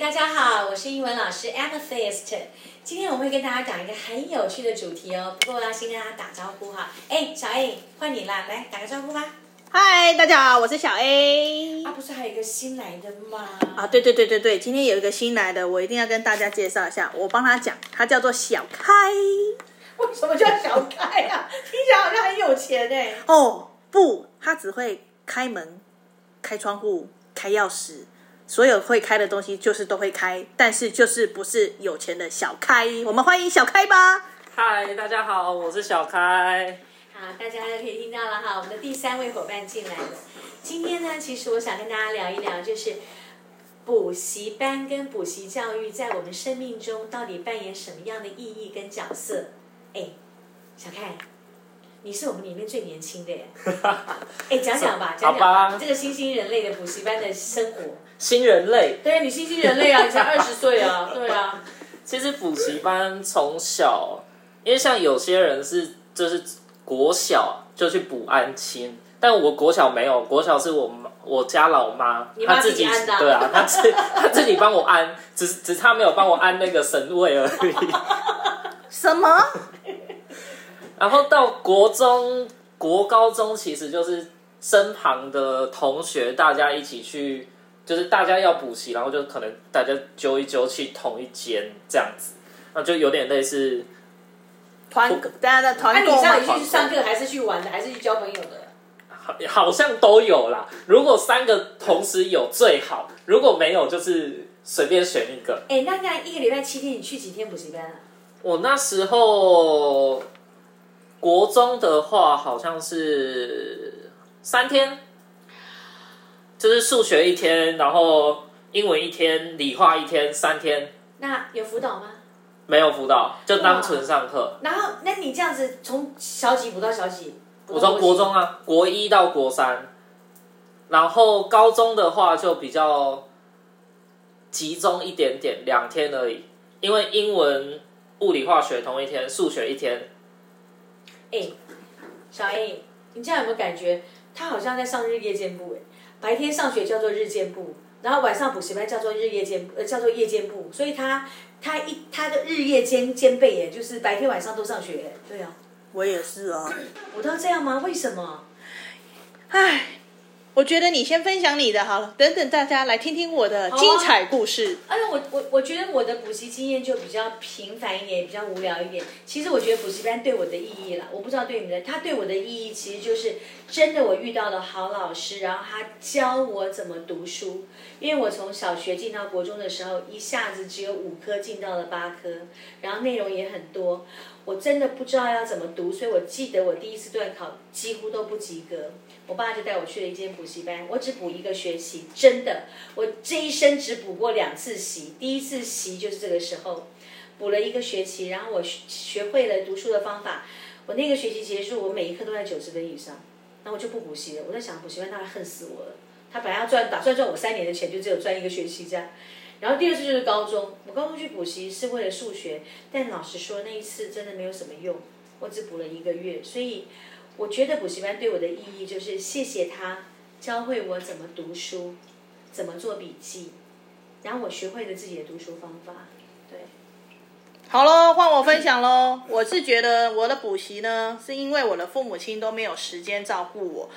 大家好，我是英文老師 Amethyst。今天我會跟大家講一個很有趣的主題哦。不過我要先跟大家打招呼哈。哎、欸，小 A，換你啦！來打個招呼吧。Hi，大家好，我是小 A。他、啊、不是還有一個新來的嗎？啊，對對對對對，今天有一個新來的，我一定要跟大家介紹一下，我幫他講，他叫做小開。為什麼叫小開呀、啊？聽起來好像很有錢呢、欸。哦，不，他只會開門、開窗戶、開鑰匙。所有會開的東西就是都會開，但是就是不是有錢的小開。我們歡迎小開吧！嗨，大家好，我是小開。好，大家都可以聽到了哈，我們的第三位夥伴進來了。今天呢，其實我想跟大家聊一聊，就是補習班跟補習教育在我們生命中到底扮演什麼樣的意義跟角色？哎，小開。你是我們裡面最年輕的耶，哎、欸，講講吧，講講這個新新人類的補習班的生活。新人類，對，你新新人類啊，你才二十歲啊，對啊。 其實補習班從小，因為像有些人是就是國小就去補安親，但我國小沒有，國小是我我家老媽她自己對啊，她自她自己幫我安， 只是只差沒有幫我安那個神位而已。 什麼？然後到國中國高中其實就是身旁的同學，大家一起去，就是大家要補習，然後就可能大家揪一揪去同一間這樣子，那就有點類似團，團大家的團購。啊、你上次去上課還是去玩的，還是去交朋友的？好，好像都有啦。如果三個同時有最好，如果沒有就是隨便選一個。哎，那那一個禮拜七天，你去幾天補習班啊？我那時候。國中的話好像是三天，就是數學一天，然後英文一天，理化一天，三天。那有輔導嗎？沒有輔導，就單純上課。然後，那你這樣子從小幾補到小幾？我從國中啊，國一到國三。然後高中的話就比較集中一點點，兩天而已，因為英文、物理、化學同一天，數學一天。哎、欸，小 A，你這樣有沒有感覺？他好像在上日夜兼部哎，白天上學叫做日間部，然後晚上補習班叫做日夜兼呃叫做夜間部，所以他他一他的日夜兼兼備哎、欸，就是白天晚上都上學、欸。對啊，我也是啊，我都要這樣嗎？為什麼？哎。我覺得你先分享你的好了，等等大家來聽聽我的精彩故事。哎呦、啊啊，我我我覺得我的補習經驗就比較平凡一點，也比較無聊一點。其實我覺得補習班對我的意義啦，我不知道對你們的，他對我的意義其實就是真的我遇到了好老師，然後他教我怎麼讀書。因為我從小學進到國中的時候，一下子只有五科進到了八科，然後內容也很多，我真的不知道要怎麼讀，所以我記得我第一次段考幾乎都不及格。我爸就帶我去了一間補習班，我只補一個學期，真的，我這一生只補過兩次習，第一次習就是這個時候，補了一個學期，然後我學,學會了讀書的方法，我那個學期結束，我每一科都在九十分以上，那我就不補習了。我在想補習班，大概恨死我了，他本來要賺，打算賺我三年的錢，就只有賺一個學期這樣。然後第二次就是高中，我高中去補習是為了數學，但老實說那一次真的沒有什麼用，我只補了一個月，所以我覺得補習班對我的意義就是謝謝他。教會我怎麼讀書，怎麼做筆記，然後我學會了自己的讀書方法。對，好嘍，換我分享嘍。我是覺得我的補習呢，是因為我的父母親都沒有時間照顧我。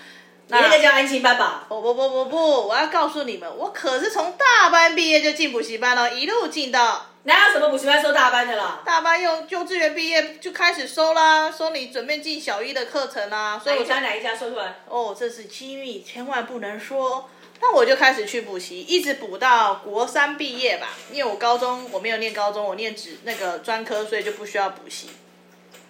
那，你那個叫安親班吧？不不不不不，我要告訴你們，我可是從大班畢業就進補習班了，一路進到。哪有什麼補習班收大班的了？大班幼幼稚園畢業就開始收啦，收你準備進小一的課程啦、啊。所以我想哪一家說出來？哦，這是機密，千萬不能說。那我就開始去補習，一直補到國三畢業吧。因為我高中我沒有念高中，我念職那個專科，所以就不需要補習。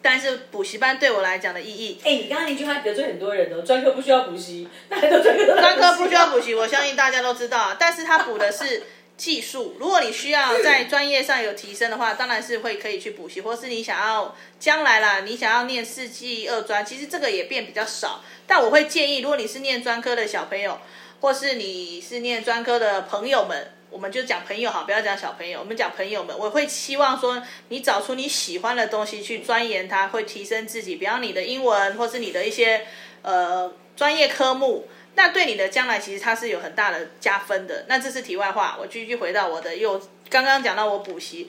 但是補習班對我來講的意義……哎、欸，你剛剛那句話得罪很多人哦。專科不需要補習，那都專科,科不需要補習，我相信大家都知道啊。但是他補的是。 技術，如果你需要在專業上有提升的話，當然是會可以去補習，或是你想要將來啦，你想要念四技二專，其實這個也變比較少。但我會建議，如果你是念專科的小朋友，或是你是念專科的朋友們，我們就講朋友好，不要講小朋友，我們講朋友們，我會期望說你找出你喜歡的東西去鑽研它，會提升自己，比方，你的英文，或是你的一些呃專業科目。那對你的將來，其實它是有很大的加分的。那這是題外話，我繼續回到我的，又剛剛講到我補習。